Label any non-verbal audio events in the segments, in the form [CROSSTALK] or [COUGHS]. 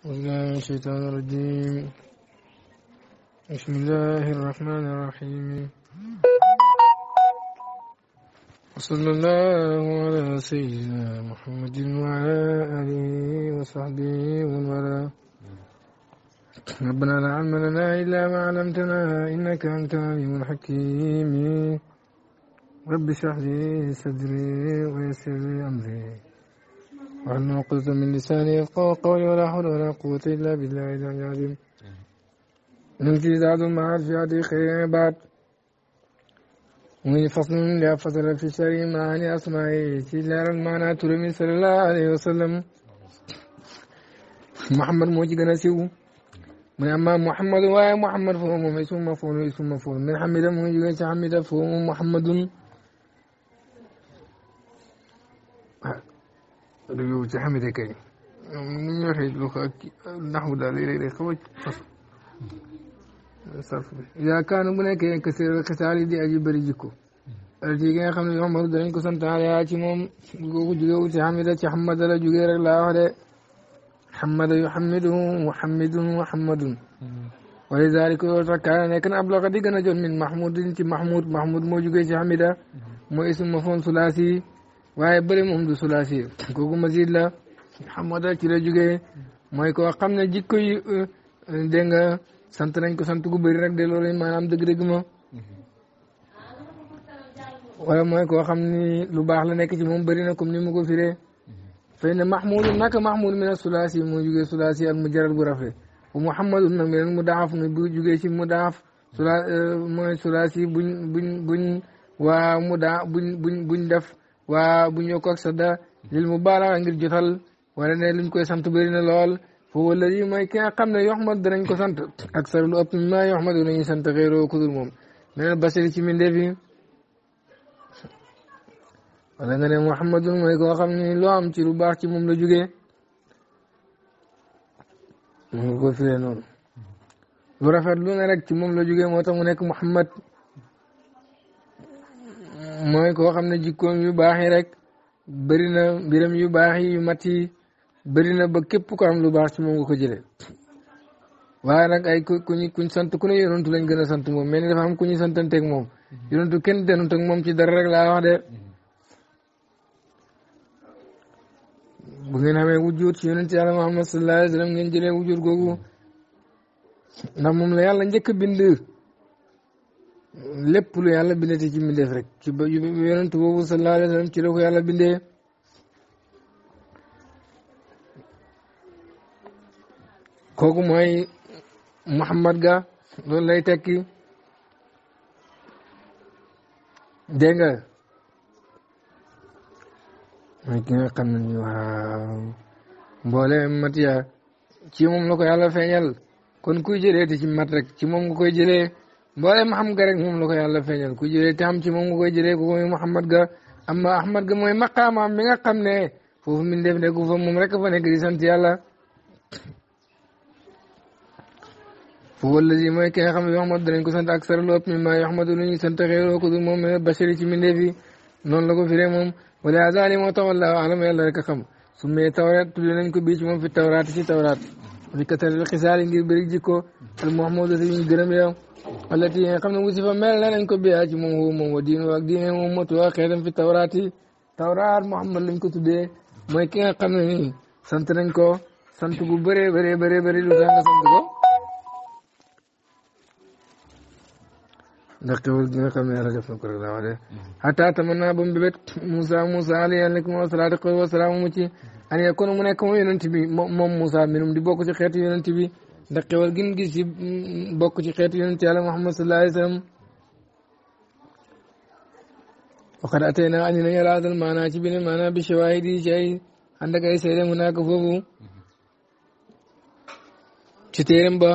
الشيطان الرجيم بسم الله الرحمن الرحيم وصلى الله على سيدنا محمد وعلى آله وصحبه ومن والاه ربنا لا علم لنا إلا ما علمتنا إنك أنت العليم الحكيم رب اشرح لي صدري ويسر لي أمري وأن قلت من لساني يفقه قولي ولا حول ولا قوة إلا بالله العلي العظيم نمشي زاد مع في خير بعد ومن فصل لا فصل في شر معاني أسمائه سيلار المعنى ترمي صلى الله عليه وسلم محمد موجي نسيو من أما محمد وآي محمد فهو مميسون مفهول ويسون مفهول من حمد موجد حمد فهو محمد dëgg ci xamite kay ni ñu waxee lu ko ndax mu daal léeg-léeg day a fas sarf na bu nekkee kese xisaal yi di aji bëri jikko alati yi nga xam ne yomaru danañ ko santaale yaa ci moom googu jógewu ci xamida ci xamada la jógee rek laa wax de xamada yu xamidun wa xamidun wa xamadun wala zaalika loolu tax kaana nekk na ablaxa di gën a jot min mahmudin ci mahmud mahmud moo jógee ci xamida mu mm-hmm. ismu mafoon sulaasi waaye bëri moom du sulaasi kooku mazid la Muhammada ci la jógee mooy ko xam na jikko yi euh, dégg sant nañ ko sant gu bëri rek de loolu maanaam dëgg-dëgg ma wala mooy koo xam ni lu baax la nekk ci moom bari na comme ni mu ko firee fay na mahmudu naka mahmud min as-sulaasi moo jugee sulaasi al mujarrad bu rafet wa muhammadu nag min mudaaf nga bu jugee ci mudaaf sula euh, mooy sulaasi buñ buñ buñ waa mudaa buñ waa bu ñu yokk ak sadda lil mubaalaxa ngir jotal wala ne luñ koy sant bëri na lool foofu la yi mooy ki nga xam ne yoxmat danañ ko sant ak sar lu ëpp ma yoxmat danañ sant xéeroo kudul moom meneen basiri ci mindee fi wala nga ne muhammadun mooy koo xam ne loo am ci lu baax ci moom la jógee mu ngi ko firee noonu lu rafet lu ne rek ci moom la moo tax mu nekk muhammad mooy ko xam ne jikkoom yu baax rek bëri na mbiram yu baax yu mat yi bëri na ba képp ko am lu baax ci moom nga ko waaye nag ay ku kuñu kuñ sant ku ne yonantu lañ gën a sant moom mel ni dafa am ku ñuy santanteeg moom yonantu kenn denut ak moom ci dara rek laa wax de bu ngeen xamee wujjuut ci yonent yàlla Muhammad sallallahu alayhi wa sallam ngeen jëlee wujjuut googu ndax moom la yàlla njëkk a bind lépp lu yàlla bindati ci mbindeef rek ci ba yonent boobu sallallahu alayhi wa sallam ci la ko yàlla bindee kooku mooy Muhammad ga loolu lay tekki dégg ki nga xam ne ni waaw mboole matiya ci moom la ko yàlla feeñal kon kuy jëlee te ci mat ci moom nga koy jëlee mboolem xam nga rek moom la ko yàlla feeñal ku jëlee te xam ci moom nga koy jëlee ko mooy Muhammad ga amma Ahmad ga mooy maqaamaam mi nga xam ne foofu min def nekku fa moom rek fa nekk di sant yàlla foofu allazi mooy ki nga xam ne Muhammad danañ ko sant ak sara lu ëpp mi ma Ahmadu sant xéeroo ko ci min def yi noonu la ko firee moom wala azali moo tax wallaahu alam yàlla rek a xam su mee tawraat tuddee nañ ko bii ci moom fi tawraat ci tawraat fi kataril xisaal ngir bëri jikko al Muhammadu si ñu gërëm yow allati nga xam ne wasifa mel na nañ ko biyaa ci moom woowu moom wa diinu ak diine moom matuwa xeetam fi tawraat yi tawraat Muhammad lañ ko tuddee mooy ki nga xam ne nii sant nañ ko sant bu bëree bëree bëree bëri lu tax ko ndax xewal gi nga ne yàlla def na ko laa wax de xataa taman naa ba mu bébét Moussa Moussa alayhi aleykum wasalaatu wa salaamu mu ci an yakuna mu nekk moom yonent bi moom Moussa minum di bokk ci xeetu yonent bi ndax xewal gi mu gis ci bokk ci xeetu yonent yàlla Muhammad sallallahu alayhi wa sallam waqad atayna andi nañu ala hadal maanaa ci beneen maanaa bi shawaahid yi ci ay ànd ak ay seede mu naaka foofu ci téeram ba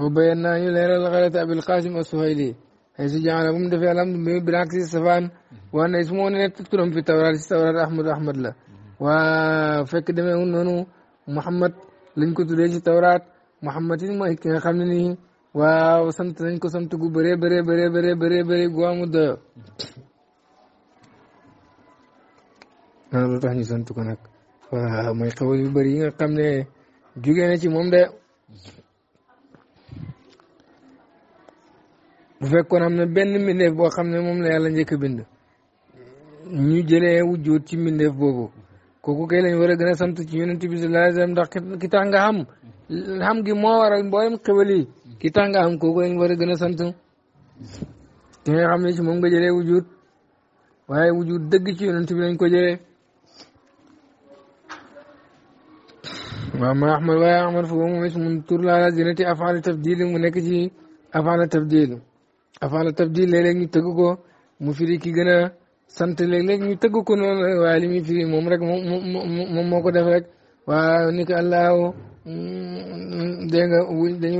wa bayan naa ñu leeral xalata abil qasim as-suhayli ay su jaara bu mu defee alam bi biraksi safaan waa ne su moo ne turam fi tawraat si tawraat ahmad ahmad la waa fekk demee noonu Muhammad lañ ko tuddee ci tawraat muhammadin mooy ki nga xam ne nii waaw sant nañ ko sant gu bëree bëree bëree bëree bëree bëree gu amu tax ñu sant ko nag waaw mooy xewal yu bëri yi nga xam ne jugee na ci moom de bu fekkoon am na benn mbindeef boo xam ne moom la la njëkk a bind ñu jëlee wujjoot ci mbindeef boobu kooku kay lañ a gën a sant ci yonent bi sallallahu alayhi wa sallam ndax ki tax nga xam xam gi moo waral mboolem xéwal yi ki a nga xam kooku lañ gën a sant ki nga xam ne ci moom nga jëlee wujud waaye wujud dëgg ci yonent bi lañ ko jëlee waaw a ahmad waaye ahmad foofu moom ismun tur laa la zinati afaala tabdil mu nekk ci afaala tabdil afaala tabdil léeg-léeg ñu tëgg ko mu firi ki gën a sant léeg-léeg ñu tëgg ko noonu rek waaye li muy firi moom rek moom moo ko def rek waaw ni ko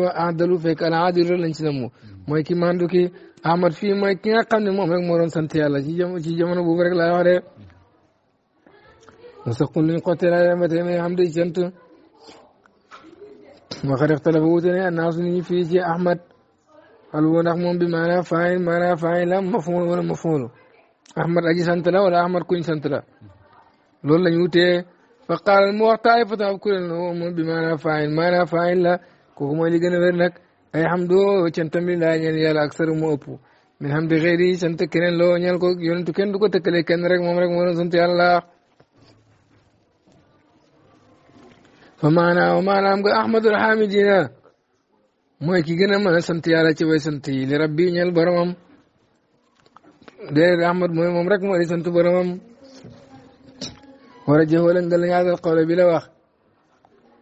wax adalu fekk al lañ ci namu mooy ki mandu ki ahmad fii mooy ki nga xam ne moom rek moo doon sant yàlla ci ci jamono boobu rek laa wax de mu saqun luñ xottee laa yemate mais xam day sant waxa def talafa wute ne ahmad aji sant la wala ahmad kuñ sant la loolu la ñu wutee fa qaala mu wax taifata ab kuréel no oh, mun bi maanaa faayil maanaa faayil la kooku mooy li gën a wér nag ay hamdoo cantamli laa ñeen yàlla ak sër moo ëpp min hamdi xëyri sant keneen loo ñeel ko yonentu kenn du ko tëkkalee kenn rek moom rek moo doon sant yàlla fa maanaa wa maanaam nga ahmadul hamidina mooy ki gën a mën a sant yàlla ci way sant yi li rabbi ñeel boromam déedéet Ahmad mooy moom rek moo di sant boromam war a jëfoo dal ñaata xawle bi la wax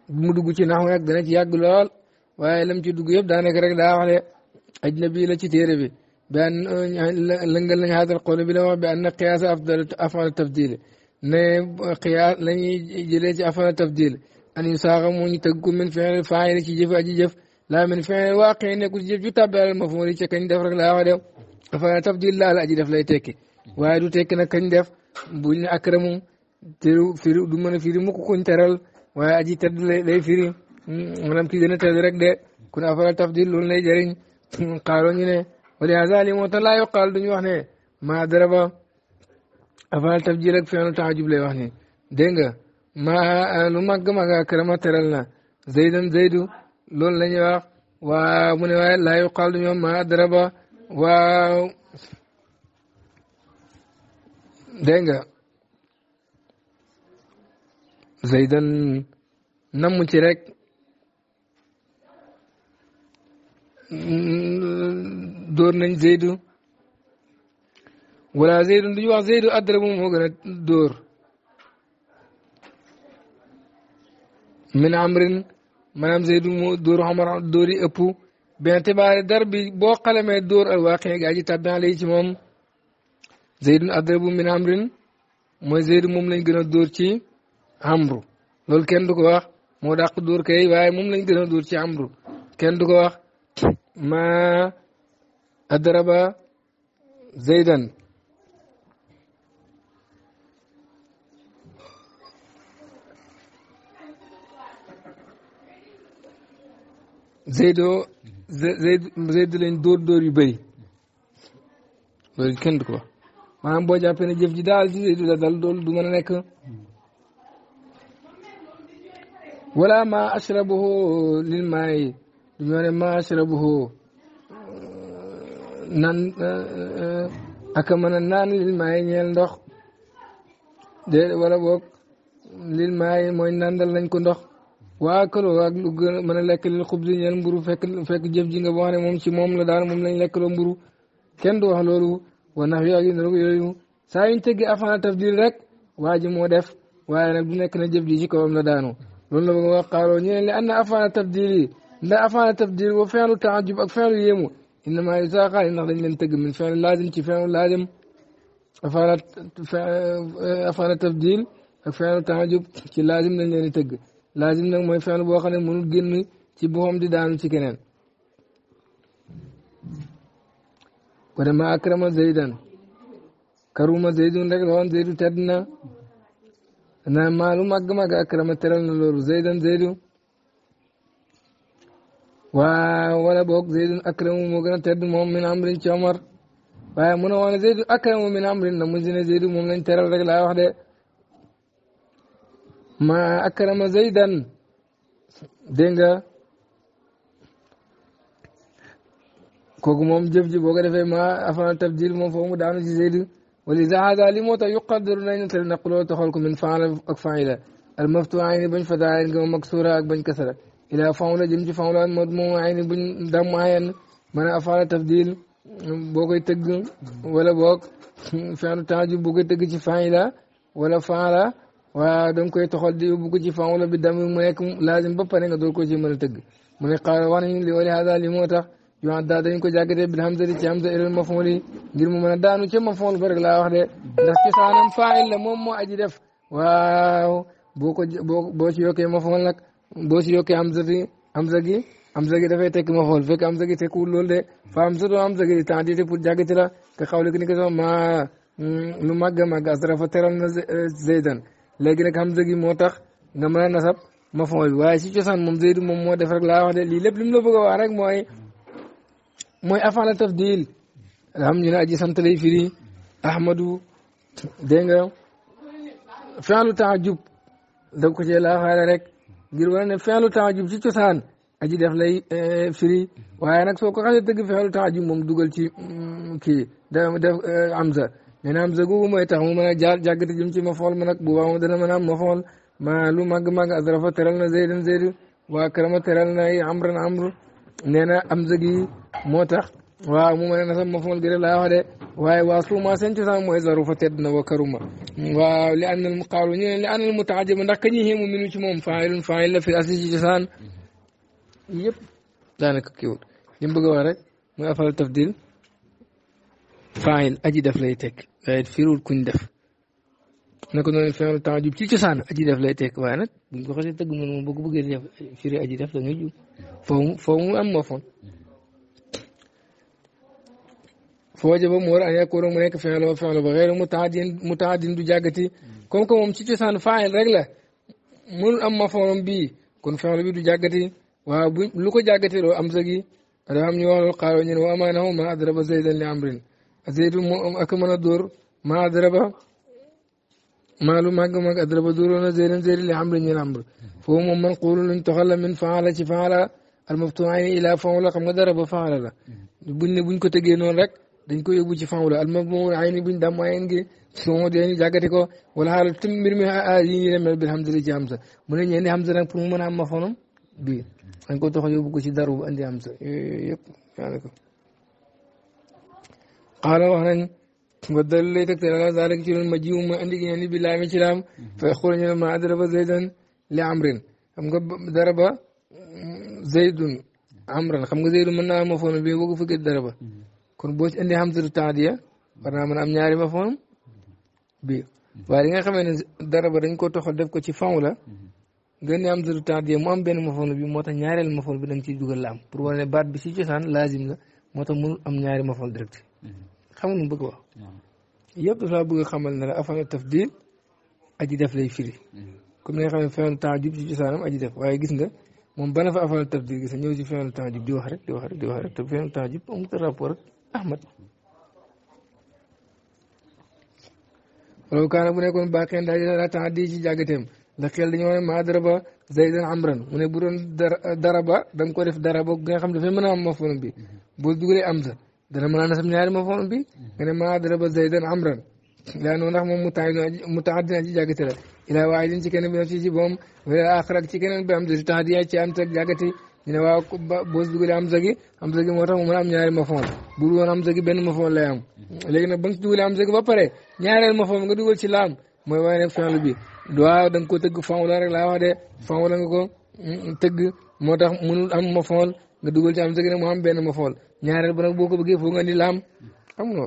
bu mu dugg ci naxu nag dana ci yàgg lool waaye lam ci dugg yëpp daanaka rek daa wax ne ajnabi la ci téere bi bi an lëngal nañ xaatal xawle bi la wax bi an na xiyaasa afdal afal tafdil ne xiyaas la ñuy jëlee ci afal tafdil an yu saaxa moo ñu tëgg ko min fiil faayil ci jëf aji jëf laa min fiil waaqi nekkul ci jëf ju tàbbi alal maf'uul ci kañ def rek daa dafa tabdil laal aji def lay tekki waaye du tekki na kañ def buñ ne akramu teru firi du mën a firi mukk kuñ teral waaye aji tedd lay firi maanaam kii gën a tedd de kun afara tabdil loolu lay jëriñ xaaroo ñu ne wali azali moo tax laa yoqaal wax ne ma daraba afara tabdil ak feenu taajub lay wax ni dégg nga ma lu màgg màgg akrama teral na zaydan zaydu loolu la ñuy wax waa mu ne waaye laa yoqaal duñu wax maa daraba waaw dégg nga zaydan namm ci rek dóor nañ zaydu wala zaydu duñu wax zaydu addara moom moo gën a dóor min amrin maanaam zaydu moo xamar dóor yi bien tibaari dar bi boo xalamee dóor alwaaqi gaa ji tàbbi alayhi ci moom zeydun adrabu min amrin mooy zeydu moom lañ gën a dóor ci amru loolu kenn du ko wax moo daq dóor kay waaye moom lañ gën a dóor ci amru kenn du ko wax ma adraba zeydan Zayd Zayd lañ dóor dóor yu bëri loolu kenn du ko wax maanaam boo jàppee ne jëf ji daal ci Zayd la dal loolu du mën nekk wala ma ashrabuhu lil maayi du ñoo ne ma ashrabuhu euh, nan euh, euh, aka mën naan lil maayi ñeel ndox de wala boog lil maayi mooy nandal nañ ko ndox waa akaloo ak lu gën a mën a lekk lil xub si ñeel mburu fekk fekk jëf ji nga wax ne moom ci moom la daal moom lañ lekkaloo mburu kenn du wax loolu wa nax yu ak yu nag yooyu saa yuñ tëggee afaan tafdil rek waa ji moo def waaye nag du nekk na jëf ji ci kawam la daanu loolu la bëgg wax xaaroo ñu ne li anna afaan tafdil yi ndax afaan tafdil wa feelu taajub ak feelu yéemu innama yu saaxaan yi ndax dañ leen tëgg min feelu laazim ci feelu laazim afaan afaan tafdil ak feelu taajub ci laazim lañ leen di tëgg laazim nag mooy fenn boo xam ne mënul génn ci boppam di daanu ci keneen ko de ma akrama zaydan karuma zaydun rek loon zaydu tedd na na maalu teral na loolu zaydan zaydu waa wala boog zaydun akramu moo gën a tedd moom min amrin ci omar waaye mu ne woon zaydu akramu min amrin na mu ne zaydu moom lañ teral rek laa de ما أكرم زيدا دينجا كوكوم جيب جيب وغيره ما أفعل تبديل مو فهم دانو زيد ولذا هذا لموتا يقدر لنا أن نقول تخلق من فعل أكفعيلا المفتوح عيني بن فدائن كما مكسورة بن كسرة إلى فاولة جمج فاولة مضمو عيني بن دم عين من أفعل تبديل بوكي تقل ولا بوك فعل تاجو بوكي تقل فاعلة ولا فعلة waaw da nga koy toxal di yóbbu ko ci fan wala bi dam mu nekk laazim ba pare nga door ko ci mën a tëgg mu ne xaaral wax nañu li wali hada li moo tax yo adda dañ ko jàggatee bil hamza di ci hamza ilal mafool yi ngir mu mën rek laa wax de ndax moom moo aji def waaw boo ko boo boo ci yokkee mafool nag boo ci yokkee hamza gi hamza gi hamza gi dafay tekki mafool fekk hamza gi tekkiwul loolu de fa hamza doo hamza gi di tendité pour jàggati la te xawle ki ni ko sax ma mm, lu màgg a màgg asrafa teral na euh, zeydan léegi nag hamza gi moo tax nga mën a nasab mafoon bi waaye ci cosaan moom zaydu moom moo def rek laa wax de lii lépp li mu la bëgg a wax rek mooy mooy afaala tafdil alhamdulilah aji sant lay firi ahmadu dégg nga taajub daf ko cee laafaale rek ngir wane ne fi'lu taajub ci cosaan aji def lay eh, firi waaye nag soo ko xasee tëgg fi'lu taajub moom dugal ci mm, kii def eh, amza nee naa am zagu mooy tax mu mën a jaar jàggati jëm ci ma fool ma nag bu baax dana mën a am ma fool ma lu màgg-màgg a teral na zaydan zaydu waa karama teral na ay amran amru nee na am zëg yi moo tax waaw mu mën a nasab ma fool gën a laa wax de waaye waa suuma seen cosaan mooy zarufa tedd na wa karuma waaw li an al qaalu ñu ne li mu al mutaajiba ndax kañu xéemu minu ci moom faayilun faayil la fi asli ci cosaan yëpp daanaka kiiwul li mu bëgg a wax rek tafdil faayil aji def lay tekk waaye firiwul kuñ def naka noonu fi'lu taajub ci cosaan aji def lay tekk waaye nag buñ ko xasee tëgg mën moom boo ko bëggee def firi aji def da ngay jub foofu foofu mu mu war a yakkoon mu nekk ba fi'lu mu taadin mu du jàggati comme que moom ci cosaan faayil rek la am ma foonam bii kon fi'lu bi du jàggati waaw bu lu am sa gi ñu wax loolu xaaroo ñu wa amaanahu ma adraba zaydan li amrin a moom ak mën a dóor maa adraba maa lu màgg màgg adraba dóoroon na zeydan zeydi li amri ñeel amr foofu moom man xuulu luñ toxal la min faala ci faala al maftuuayni ilaa faala xam nga daraba faala la buñ ne buñ ko te noonu rak dañ ko yóbbu ci faala al maftuuayni buñ dàmm ayen gi soo dee ñu jàggati ko wala xaaral tam mbir mi ah, ah yi ñu demee mu ne ñeenti hamza nag pour mu mën a am ma fonam bii dañ ci daru bu andi hamza yooyu qaala wax nañ nga dal lay teg teel ci loolu ma ji ma indi ngeen ni bi laami ci laam fay xool ñu ne ma adraba zaydan li amrin xam nga daraba zaydun amran xam nga zaydun mën naa am mafoon bi bëgg fëgg daraba kon boo ci indi hamzatu taadiya war naa mën am ñaari mafoon bi waaye nga xamee ne daraba dañ ko toxal def ko ci faw la nga ne hamzatu taadiya mu am benn mafoon bi moo tax ñaareel mafoon bi da nga ciy dugal la pour wane ne baat bi si cosaan laazim na moo tax mu am ñaari mafoon direct xam nga mu wa wax yëpp dafa bëgg xamal ne la afaan tafdil aji def lay firi mm-hmm. comme ni nga xam ne feeñal taajub ci cosaanam aji def waaye gis nga moom bana fa afaan tafdil gis nga ñëw ci feeñal taajub di wax rek di wax rek di wax rek te feeñal taajub amut rapport ak bu nekkoon baaxee ndax dina la temps di ci jàggateem la xel dañoo ne maa daraba zaydan amran mu ne bu doon daraba da nga ko def daraba nga xam dafay mën a am mafoon bi mm-hmm. boo dugalee am sa درمان سمجھا رہے مفہوم بھی یعنی ما ضرب زیدن عمرن لانه نحن متعدد اجي جاكتر الى واحد كان بيمشي جيبهم والى اخر كان بيمشي جتاديا كان تجاكتي ina wa bos dugule am zagi am zagi moo tax mu mën a am ñaari mafoon bu dul woon am zagi benn mafoon lay am léegi nag ba nga dugule am zagi ba pare ñaareel mafoon nga dugal ci laam mooy waaye ne fi'lu bi waaw da nga ko tëgg faaw la rek laa wax de faaw la nga ko tëgg moo tax mënul am mafoon nga dugal ci am sa gi nag am benn ma fool ñaareel ba nag boo ko bëggee foo nga ni laam xam nga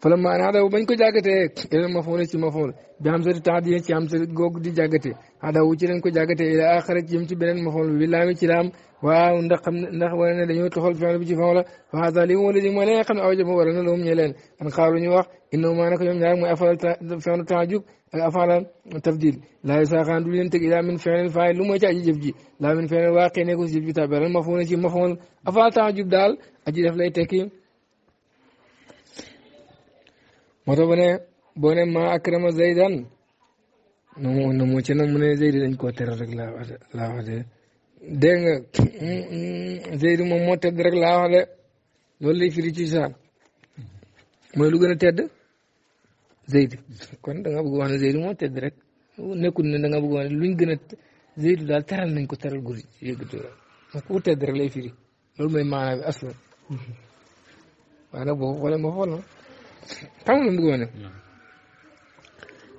fala maanaa daw bañ ko jàggatee ila ma foole ci ma fool bi am sa di di ci am sa googu di jàggate ada ci lañ ko jàggatee ila axara ci jëm ci beneen ma fool bi laami ci laam waaw ndax xam ndax wala ne dañoo toxal fi'l bi ci fon la waasa li mu wala li mooy la nga wara na loom ñe an xaaru ñu wax innahu maa nako ñoom ñaar mooy afal fi'l ta'jub ak afaalan tafdil laa saaxaan du leen min feneen faay lu mooy ci aji jëf laa min feneen waa xëy nekku si jëf ji taberan ma ci ma afaal temps jub daal aji def lay tekki moo tax bu ma akrama zaydan na mu na mu ci na mu ne zaydi laa wax de laa wax de dégg nga [COUGHS] laa wax de loolu firi ci saal mooy lu tedd Zeyd kon da nga bëgg wax ne Zeyd nga bëgg wax a Zeyd nañ ko teral guddi yëngatu la parce que ku tedd rek lay firi loolu bi aslan [LAUGHS] waaye nag boo xoolee ma xool na ah. xam nga bëgg wax ne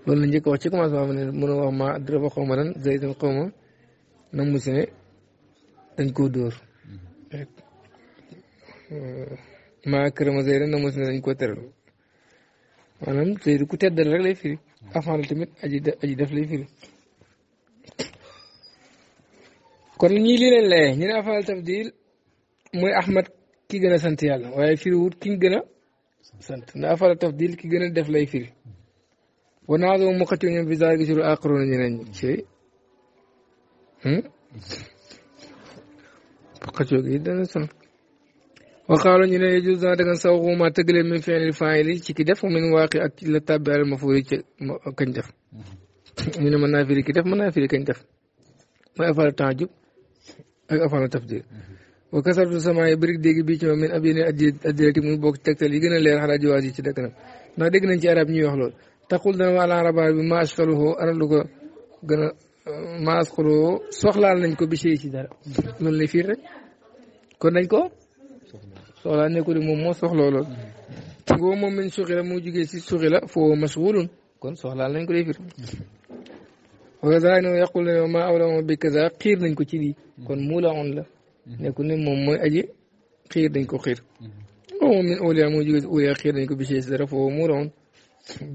loolu la njëkk wax ci commencement bi ne mën a wax ma dara ba xaw ma lan Zeyd xaw ma na mu sene dañ koo dóor mm-hmm. maa kër ma Zeyd na mu sene dañ koo teral maanaam Seydou ku teddal rek lay firi afaan tamit aji aji def lay firi kon ñii lii leen laye ñu ne afaan tafdil mooy Ahmad ki gën a sant yàlla waaye firi wut ki gën a sant na afaan tafdil ki gën a def lay firi wanaa doo mu xëccoo ñoom bisaar gi suru àqaroona ñeneen ñi ci hmm? xëccoo gi dana sant وقالوا ان يجوز هذا كان سوغ ما تغل من فعل الفاعل كي كيف من واقع التابع المفعول كان جف [LAUGHS] من منافير كيف منافير كان جف ما افعل تعجب افعل تفضيل وكسر في السماء بريك ديغ بيتي من ابين اديت من بوك تكتل يغنى لير على جوازي تي دكنا نا ديغ نان عرب ني وخ لول تقول دنا على عرب ما اشكله انا لوكو غنا ما اشكله سوخلال نانكو بشي سي دار من لي فير كون نانكو soxlaa nekkul moom moo soxla lool woo moom min suxila moo jugee si suxila foo mashgulun kon soxlaal nañ ko day fir wagaza no yàqul ne ma awlama bi kaza xiir nañ ko ci lii kon muula on la nekkul ne moom mooy aji xiir dañ ko xiir o moom min aulia moo jugee si ko bi si dara foo muula on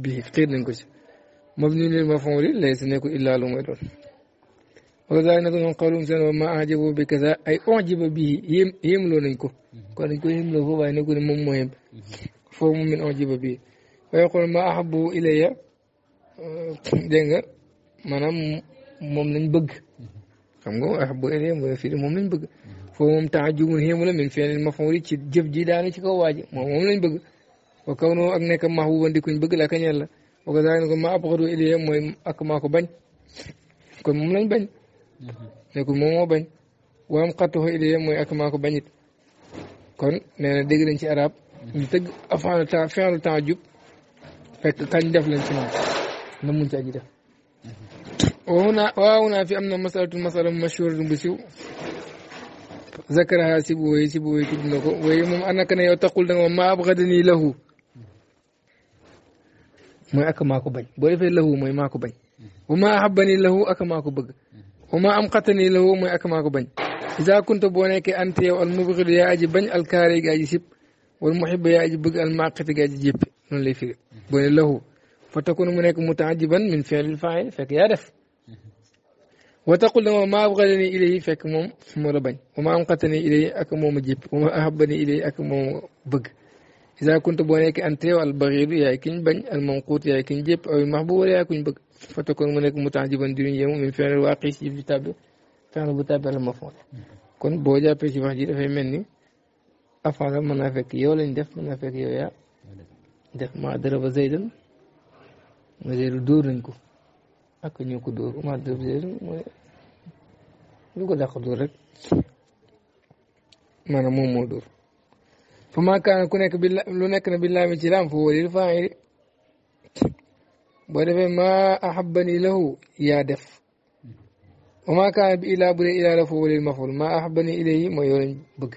bi xiir nañ ko ci mabni lil maf'ul laysa nekkul illaa lu wala daal nag ñoom xawlum seen wa ma ajabu bi kasa ay onjiba bii yéem yéemloo nañ ko kon dañ ko yéemloo foofu waaye nekkul ne moom moo yem foofu mu min onjiba bii waaye xool ma ahabu ilayya dégg nga maanaam moom lañ bëgg xam nga ahabu ilayya mooy firi moom lañ bëgg foofu moom taajubun yéemu la min feneen ma fawri ci jëf ji daanu ci kaw waaji moom lañ bëgg wa kaw noo ak nekk mahbuban di kuñ bëgg la ka ñeel la wa kasaay ma abxadu ilayya mooy ak maa ko bañ kon moom lañ bañ neku momo bañ wam qatuhu ilayya moy ak mako bañit kon neena deg lañ ci arab ñu tegg afan ta fin le temps djub fek kañ def lañ ci mom na mu ci aji def هنا وهنا في امن مساله مساله مشهور بسيو ذكرها سيبو وي سيبو وي كيدنكو وي موم انا كن يو تقول دنگ ما ابغدني له موي اك ماكو باج بو ديفه له موي ماكو باج وما احبني له اك ماكو بغ وما أم قتني له ما أكماك بني إذا كنت بونيك أنت يا المبغض يا أجي بني الكاري يا أجي والمحب يا أجي بق الماقت يا أجي جيب نولي في بني له فتكون منك متعجبا من فعل الفاعل فك يا دف وتقول لما ما أبغضني إليه فك موم فمور بني وما أم قتني إليه أكموم جيب وما أحبني إليه أكموم بق إذا كنت بونيك أنت يا البغير يا أكين بني المنقوط يا أكين جيب أو المحبور يا أكين بق fata kon mu nekk mu temps jiban diruñ yéemu min fenel waaqi si jëf ji tàbbi fenel bu tàbbi la ma foon kon boo jàppee ci wax ji dafay mel ni afan a man naa fekk yow lañ def mën naa fekk yow yaa def ma daraba zaydan ma zeydu dóor ko ak ñoo ko dóor ma daraba zaydan mooy lu ko dàq dóor rek maanaam moom moo dóor fa maa kaana ku nekk bi lu nekk na bi laami ci laam fa wóoril faa boo defee maa ahabani lahu yaa def wa maa kaana bi ilaa bu dee ilaa la foofu walil maful maa ahabani ilayhi mooy yow lañ bëgg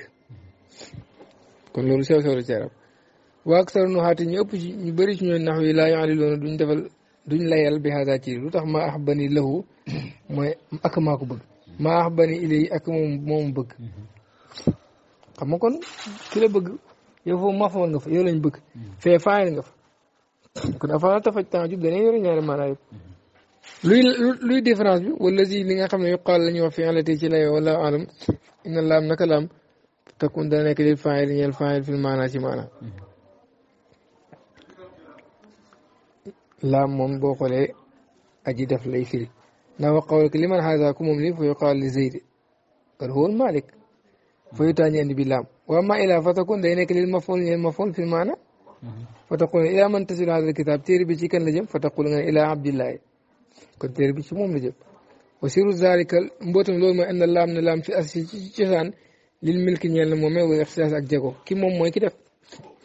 kon loolu sew sew la ci arab waa ak saru nu xaati ñu ëpp ci ñu bëri ci ñoom nax laa yoxali loonu duñ defal duñ layal bi hada ci lu tax maa ahabani lahu [COUGHS] mooy ak maa ko bëgg maa ahabani ilayhi ak moom moom bëgg xam nga kon ki bëgg yow foofu mafool nga fa yow lañ bëgg fee faayal nga fa kon avant tafajtan jub dana yore ñaari maanaa yëpp luy luy différence bi wala si li nga xam ne yuqaal la ñuy wax fi alati ci layo wala alam inna laam naka laam takun dana nekk lil faayil ñeel faayil fil maanaa ci maanaa laam moom boo xoolee aji def lay firi naa wax qawlaka li man haada ku moom li fa yuqaal li zayd qad huwa malik fa yutaa ñu indi bi laam wa ma ilaa fa takun day nekk lil mafool ñeel mafool fil maanaa فتقول إلى من تسير هذا الكتاب تير بيجي كان لجيم فتقول إن إلى عبد الله كن تير بيجي موم لجيم وسير ذلك مبوتم لول ما أن الله من الله في أسي جسان للملك نيال مومي والإحساس أك جاكو كي موم موي كي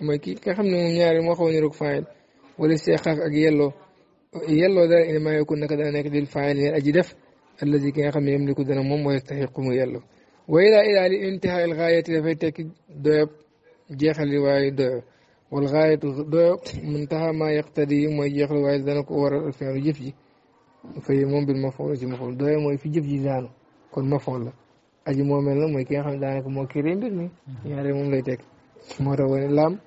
موي كي كي خمنا موم نياري مو خوني فايل ولا سيخاف أك يلو يلو ذا إنما يكون نكدا نك للفاعل نيال أجي دف الذي كان خمنا يملك ذا موم ويستحق مو يلو وإذا إلى لانتهاء الغاية لفيتك دوب جيخ الرواية دوب والغاية منتهى ما يقتدي ما يخلو غاية ذلك وراء الفعل جفجي في يمون بالمفعول في مفعول دائم ما في جفجي ذانو كل مفعول أجي مؤمن لهم ويكي يخلو ذلك موكرين بني يعني مم ليتك ما روين اللام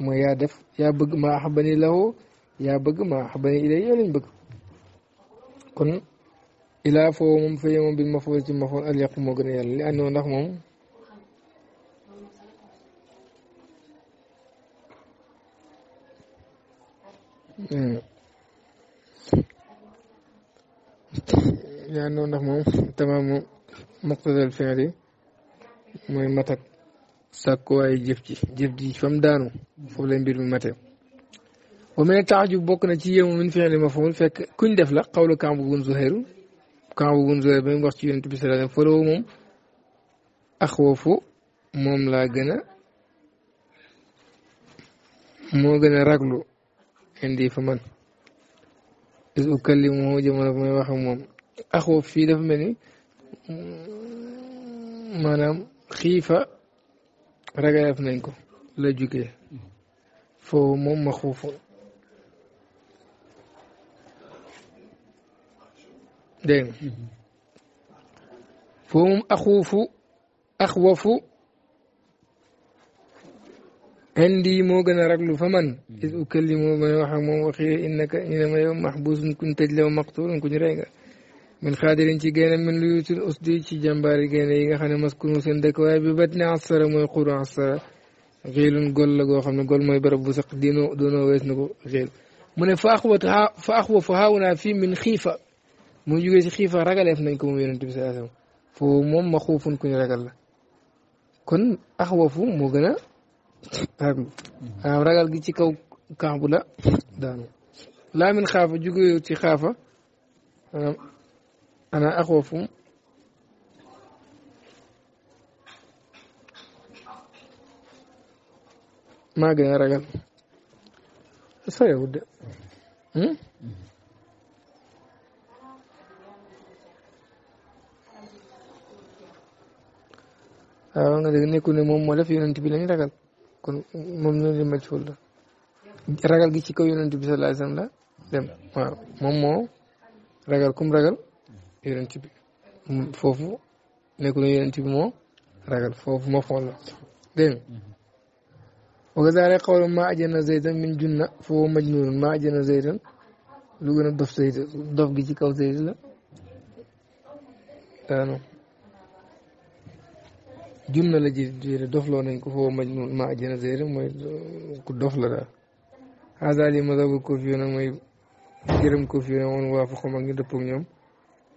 ما يادف يا بق ما أحبني له يا بق ما أحبني إلي يولين بق كن إلا فهو مم في يمون بالمفعول في مفعول أليقوم وقنا يلا لأنه نحن Mm. ñaan noonu ndax moom tamaamu muqtadal fi'li mooy matak sàkkuwaayu jëf ji jëf ji fam daanu foofu lay mbir mi mate wa mene taajub bokk na ci yéemu min fi'li maf'ul fekk kuñ def la xawlu Kaab bun Zuhayr Kaab bun Zuhayr ba mu wax ci yonent bi sallallahu alayhi wa sallam moom laa gën a moo gën a raglu عندي فمن إذ أكلمه جمال ما يوحمهم أخوف في دفع مني ما نام خيفة رجع يفنينكو لا جوكي فهو مم مخوف دين فهو أخوف أخوف عندي مو جن رجلو فمن إذ أكلمه ما يوحم وخير إنك إنما يوم محبوس كنت له مقتول كن رجع من خادر إنتي جن من ليوت الأصدي تي جنبار جن إيجا خن مسكون سندك ببتنا عصر مو يقر عصر غيل نقول له جو خم نقول ما يبرب بسق دينو دونه ويس نقول غيل من فأخوة ها فأخوة فهاونا في من خيفة من يجي خيفة رجل يفنكم وينتم سألهم فمهم مخوف كن رجل كن أخوفه مو جنا waaw ragal gi ci kaw kambu la daanu laamin xaafa ci xaafa ana axoofu maa gën a ragal sorewut de hmm? ah, waaw nga dégg nekkul ne moom moo def yonent bi lañ ragal kon moom noonu li majhul la ragal gi ci kaw yonent bi sallallahu alayhi la dem waaw moo ragal kum ragal yonent bi foofu nekkul yonent bi moo ragal foofu moo xool la dégg nga wa gazaale xawlu maa ajana zaydan min junna foofu majnun maa ajana zaydan lu gën a dof zayd dof gi ci kaw zayd la daanu junna la ji jiire dof loo nañ ko foo maj nun ma ajjana zéere mooy ku dof la daal hagal yi mazhabul kuufiyoon nag mooy gërëm kuufiyoon woon waa fa xom ak ñu dëppoog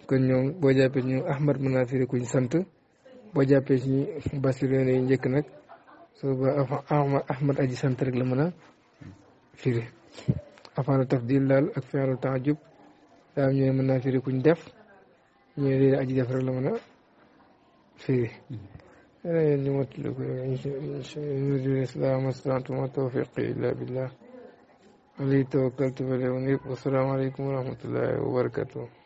kon ñoom boo jàppee ñu ahmad mën naa sant boo jàppee njëkk nag aji sant rek la mën a firi afala tafdil daal ak fi'lu taajub daal ñu ne mën naa firi kuñ def ñu ne aji def rek la mën a firi لا يلزم التلك يريد الإسلام واستعنت وما توفيقي إلا بالله عليه توكلت فليونيك والسلام عليكم ورحمة الله وبركاته